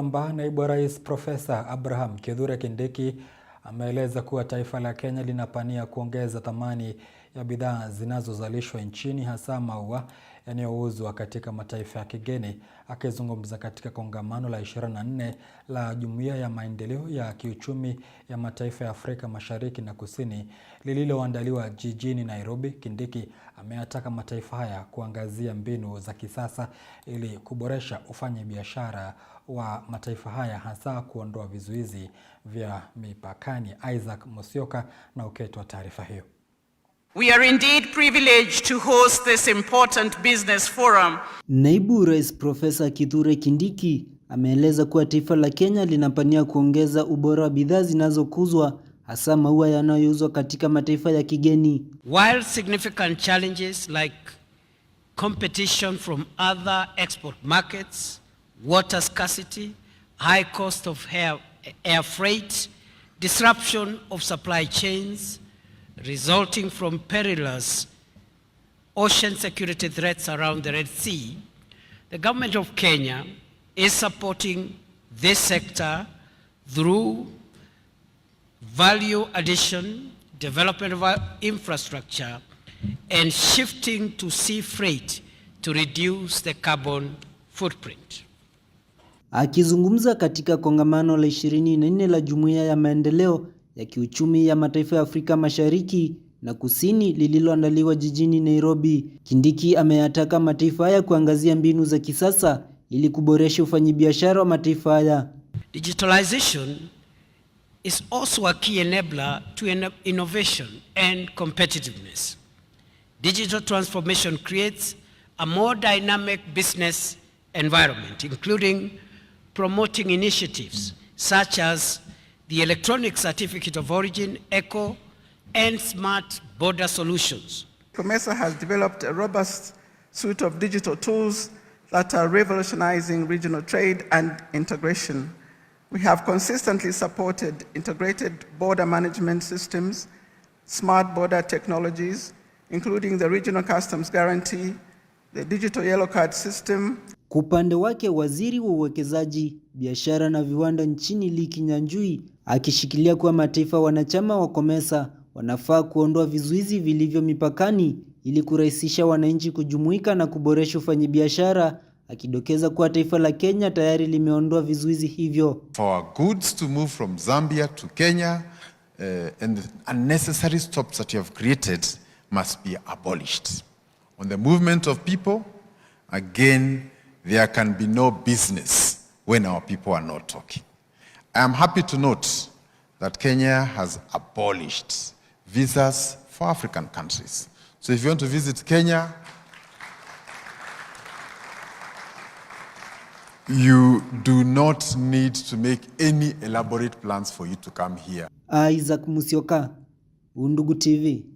Kwamba naibu wa rais Profesa Abraham Kithure Kindiki ameeleza kuwa taifa la Kenya linapania kuongeza thamani ya bidhaa zinazozalishwa nchini hasa maua yanayouzwa katika mataifa ya kigeni. Akizungumza katika kongamano la 24 la Jumuiya ya Maendeleo ya Kiuchumi ya Mataifa ya Afrika Mashariki na Kusini lililoandaliwa jijini Nairobi, Kindiki ameyataka mataifa haya kuangazia mbinu za kisasa ili kuboresha biashara wa mataifa haya hasa kuondoa vizuizi vya mipakani. Isaac Musyoka na wa taarifa hiyo. We are indeed privileged to host this important business forum. Naibu Rais Profesa Kithure Kindiki ameeleza kuwa taifa la Kenya linapania kuongeza ubora wa bidhaa zinazokuzwa hasa maua yanayouzwa katika mataifa ya kigeni. While significant challenges like competition from other export markets, water scarcity, high cost of air, air freight, disruption of supply chains resulting from perilous ocean security threats around the Red Sea, the government of Kenya is supporting this sector through value addition, development of infrastructure, and shifting to sea freight to reduce the carbon footprint. Akizungumza katika kongamano la 24 la Jumuiya ya Maendeleo ya kiuchumi ya mataifa ya Afrika Mashariki na Kusini lililoandaliwa jijini Nairobi. Kindiki ameyataka mataifa haya kuangazia mbinu za kisasa ili kuboresha ufanyibiashara wa mataifa haya. Digitalization is also a key enabler to innovation and competitiveness. Digital transformation creates a more dynamic business environment including promoting initiatives such as the electronic certificate of origin, ECO, and smart border solutions. COMESA has developed a robust suite of digital tools that are revolutionizing regional trade and integration. We have consistently supported integrated border management systems, smart border technologies, including the regional customs guarantee, the digital yellow card system. Kwa upande wake, waziri wa uwekezaji biashara na viwanda nchini Liki Nyanjui akishikilia kuwa mataifa wanachama wa COMESA wanafaa kuondoa vizuizi vilivyo mipakani ili kurahisisha wananchi kujumuika na kuboresha ufanyabiashara akidokeza kuwa taifa la Kenya tayari limeondoa vizuizi hivyo. For our goods to move from Zambia to Kenya uh, and the unnecessary stops that you have created must be abolished. On the movement of people again there can be no business when our people are not talking. I am happy to note that Kenya has abolished visas for African countries. So if you want to visit Kenya, you do not need to make any elaborate plans for you to come here. Ah, Isaac Musyoka, Undugu TV.